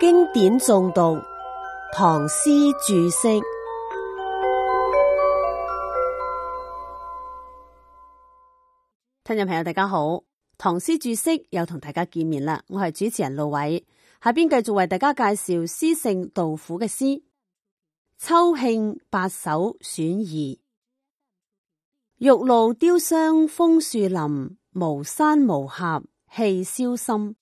經典誦讀，唐詩注釋。聽眾朋友，大家好，唐詩注釋又同大家見面啦。我係主持人路偉，下邊繼續為大家介紹詩聖杜甫嘅詩《秋興八首》選二。玉露凋傷楓樹林，巫山巫峽氣蕭森。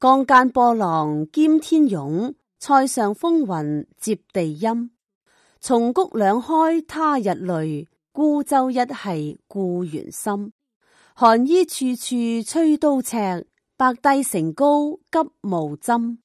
江間波浪兼天湧，塞上風雲接地陰。叢菊兩開他日淚，孤舟一繫故園心。寒衣處處催刀尺，白帝城高急暮砧。《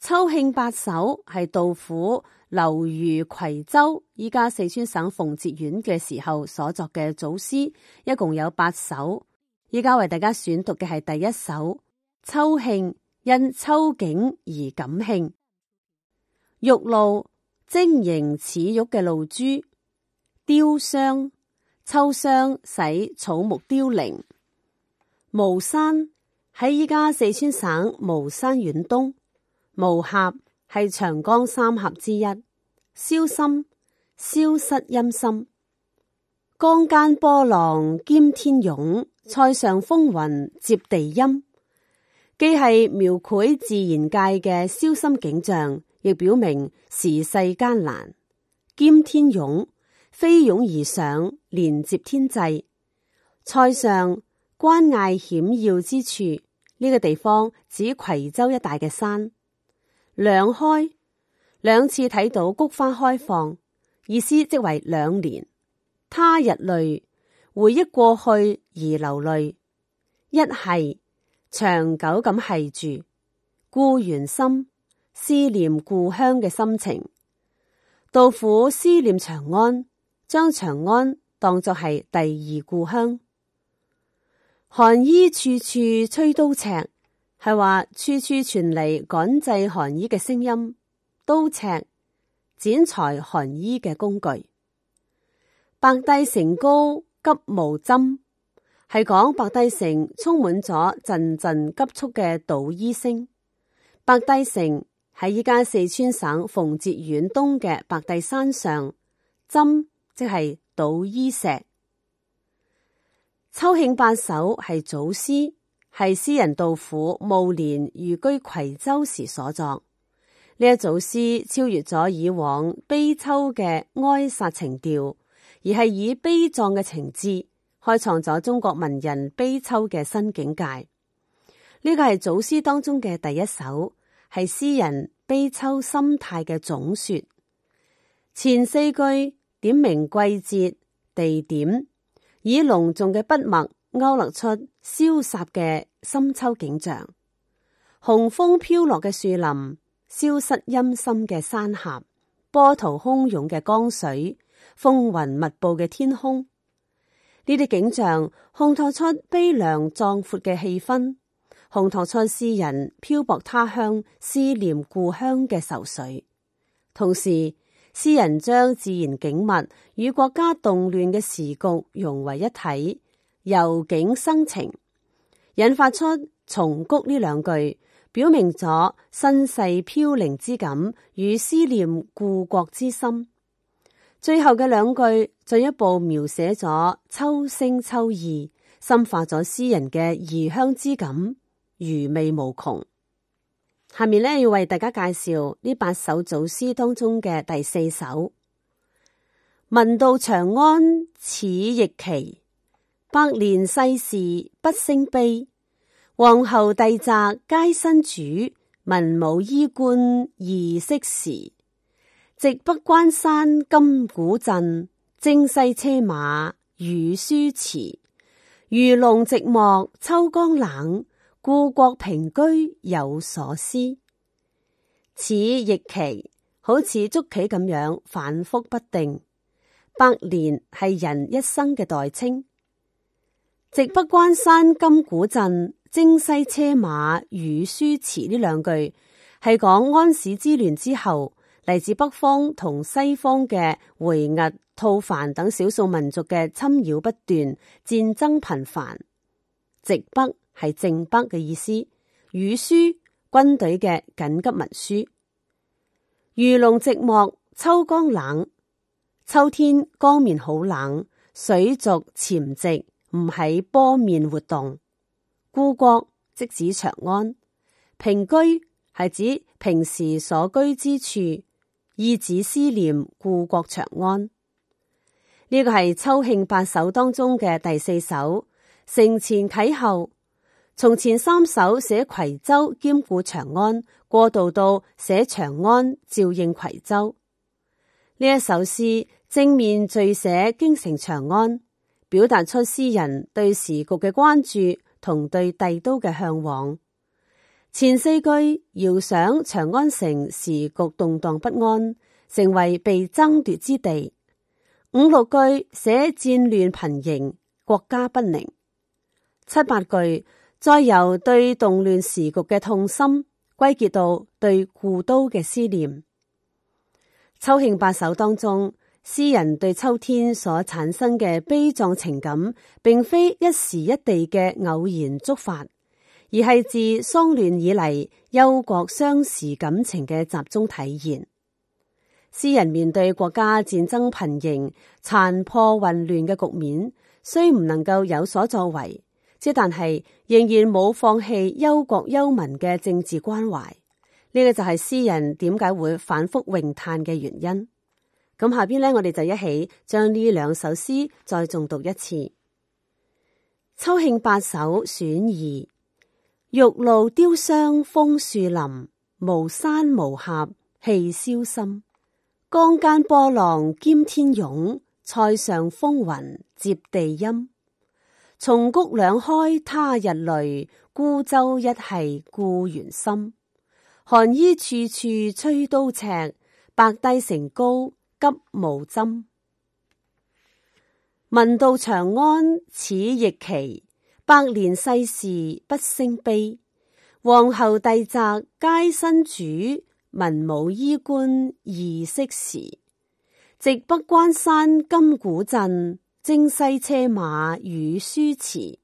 秋興八首》係杜甫流寓夔州，依家四川省奉節縣嘅時候所作嘅組詩，一共有八首。依家為大家選讀嘅係第一首。秋興因秋景而感興，玉露晶瑩似玉嘅露珠，凋傷秋霜使草木凋零。巫山喺依家四川省巫山縣東，巫峽係長江三峽之一。蕭森蕭瑟陰森，陰森江間波浪兼天湧，塞上風雲接地陰。既係描繪自然界嘅消心景象，亦表明時世艱難。兼天湧，飛湧而上，連接天際。塞上關隘險要之處，呢、這個地方指夔州一帶嘅山。兩開兩次睇到菊花開放，意思即為兩年。他日淚回憶過去而流淚，一係。長久咁繫住故園心，思念故鄉嘅心情。杜甫思念長安，將長安當作係第二故鄉。寒衣處處催刀尺，係話處處傳嚟趕製寒衣嘅聲音。刀尺，剪裁寒衣嘅工具。白帝城高急暮砧。係講白帝城充滿咗陣陣急促嘅搗衣聲。白帝城喺依家四川省奉節縣東嘅白帝山上，針即係搗衣石。秋興八首係組詩，係詩人杜甫暮年寓居夔州時所作。呢一組詩超越咗以往悲秋嘅哀殺情調，而係以悲壯嘅情志，開創咗中國文人悲秋嘅新境界。呢個係組詩當中嘅第一首，係詩人悲秋心態嘅總說。前四句點明季節、地點，以隆重嘅筆墨勾勒出蕭殺嘅深秋景象：紅楓飄落嘅樹林，蕭瑟陰森嘅山峽，波濤洶湧嘅江水，風雲密布嘅天空。呢啲景象烘托出悲涼壯闊嘅氣氛，烘托出詩人漂泊他鄉、思念故鄉嘅愁緒。同時，詩人將自然景物與國家動亂嘅時局融為一體，由景生情，引發出“叢菊”呢兩句，表明咗身世飄零之感與思念故國之心。最後嘅兩句進一步描寫咗秋聲秋意，深化咗詩人嘅異鄉之感，餘味無窮。下面呢，要為大家介紹呢八首組詩當中嘅第四首。聞道長安似弈棋，百年世事不勝悲。王侯第宅皆新主，文武衣冠異昔時。直北關山金鼓震，征西車馬羽書馳。魚龍寂寞秋江冷，故國平居有所思。此弈棋好似捉棋咁樣，反覆不定。百年係人一生嘅代稱。直北關山金鼓震，征西車馬羽書馳呢兩句係講安史之亂之後。嚟自北方同西方嘅回鶻、吐蕃等少數民族嘅侵擾不斷，戰爭頻繁。直北係正北嘅意思。羽書軍隊嘅緊急文書。魚龍寂寞，秋江冷。秋天江面好冷，水族潛寂，唔喺波面活動。故國即指長安。平居係指平時所居之處。以子思念故國長安，呢個係《秋興八首》當中嘅第四首。承前啟後，從前三首寫夔州兼顧長安，過渡到寫長安照應夔州。呢一首詩正面敘寫京城長安，表達出詩人對時局嘅關注同對帝都嘅嚮往。前四句遙想長安城時局動盪不安，成為被爭奪之地。五六句寫戰亂頻仍，國家不寧。七八句再由對動亂時局嘅痛心，歸結到對故都嘅思念。秋興八首當中，詩人對秋天所產生嘅悲壯情感，並非一時一地嘅偶然觸發。而係自喪亂以嚟，憂國傷時感情嘅集中體現。詩人面對國家戰爭頻仍、殘破混亂嘅局面，雖唔能夠有所作為，即但係仍然冇放棄憂國憂民嘅政治關懷。呢、這個就係詩人點解會反復詠嘆嘅原因。咁下邊呢，我哋就一起將呢兩首詩再重讀一次《秋興八首》選二。玉露凋傷楓樹林，巫山巫峽氣蕭森。江間波浪兼天湧，塞上風雲接地陰。叢菊兩開他日淚，孤舟一繫故園心。寒衣處處催刀尺，白帝城高急暮砧。聞道長安似弈棋，百年世事不勝悲，王侯第宅皆新主，文武衣冠異昔時。直北關山金鼓振，征西車馬羽書遲。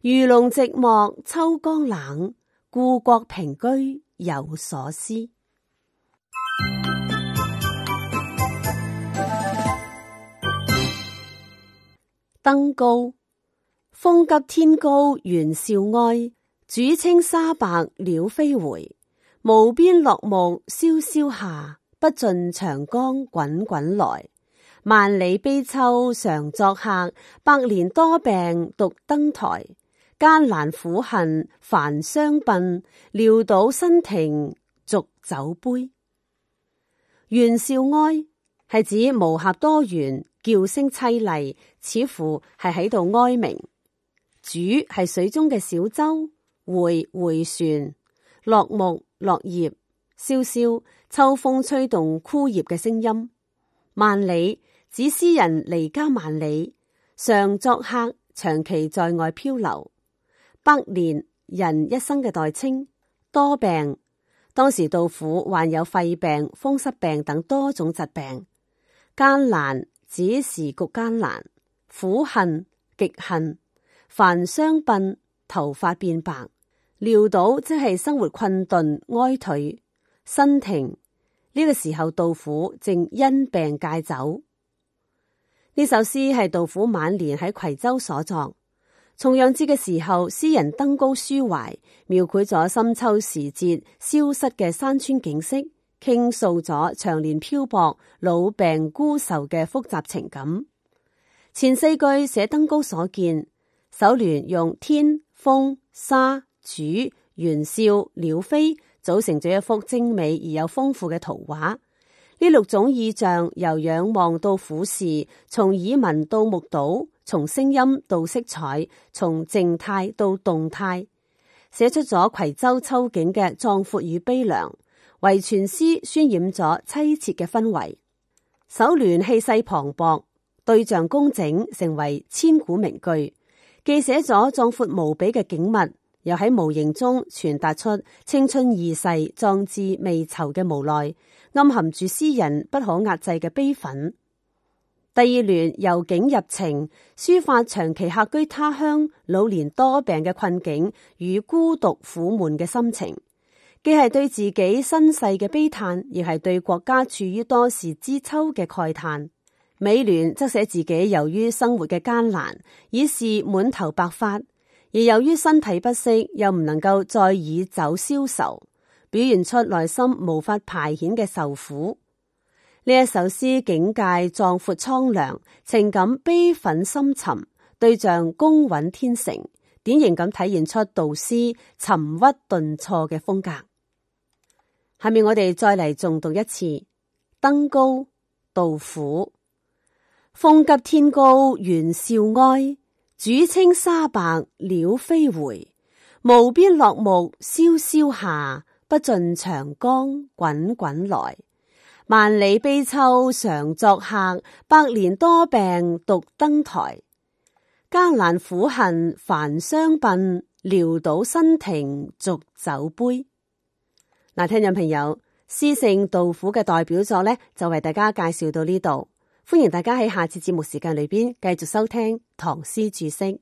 魚龍寂寞秋江冷，故國平居有所思。登高。風急天高猿嘯哀，渚清沙白鳥飛回。無邊落木蕭蕭下，不盡長江滾滾來。萬里悲秋常作客，百年多病獨登臺。艱難苦恨繁霜鬢，潦倒新停濁酒杯。猿嘯哀係指烏合多元叫聲淒厲，似乎係喺度哀鳴。主係水中嘅小舟，回回旋，落木落葉，蕭蕭秋風吹動枯葉嘅聲音。萬里指詩人離家萬里，常作客，長期在外漂流。百年人一生嘅代稱，多病。當時杜甫患有肺病、風濕病等多種疾病，艱難指時局艱難，苦恨極恨。凡繁霜鬢，頭髮變白。潦倒即係生活困頓、衰頹。新停呢，這個時候，杜甫正因病戒酒。呢首詩係杜甫晚年喺夔州所作。重陽節嘅時候，詩人登高抒懷，描繪咗深秋時節消失嘅山川景色，傾訴咗長年漂泊、老病孤愁嘅複雜情感。前四句寫登高所見。首聯用天、風、沙、渚、猿嘯、鳥飛組成咗一幅精美而有豐富嘅圖畫。呢六種意象由仰望到俯視，從耳聞到目睹，從聲音到色彩，從靜態到動態，寫出咗夔州秋景嘅壯闊與悲涼，為全詩渲染咗淒切嘅氛圍。首聯氣勢磅礴，對仗工整，成為千古名句。既寫咗壯闊無比嘅景物，又喺無形中傳達出青春易逝、壯志未酬嘅無奈，暗含住詩人不可壓制嘅悲憤。第二聯由景入情，抒發長期客居他鄉、老年多病嘅困境與孤獨苦悶嘅心情，既係對自己身世嘅悲嘆，而係對國家處於多事之秋嘅慨嘆。美聯則寫自己由於生活嘅艱難，已是滿頭白髮；而由於身體不適，又唔能夠再以酒消愁，表現出內心無法排遣嘅愁苦。呢一首詩境界壯闊蒼涼，情感悲憤深沉，對象工穩天成，典型咁體現出杜詩沉鬱頓挫嘅風格。下面我哋再嚟重讀一次《登高》道，杜甫。風急天高猿嘯哀，渚清沙白鳥飛回。無邊落木蕭蕭下，不盡長江滾滾來。萬里悲秋常作客，百年多病獨登台。艱難苦恨繁霜鬢，潦倒新停濁酒杯。嗱，聽眾朋友，詩聖杜甫嘅代表作呢，就為大家介紹到呢度。歡迎大家喺下次節目時間裏邊繼續收聽唐詩注釋。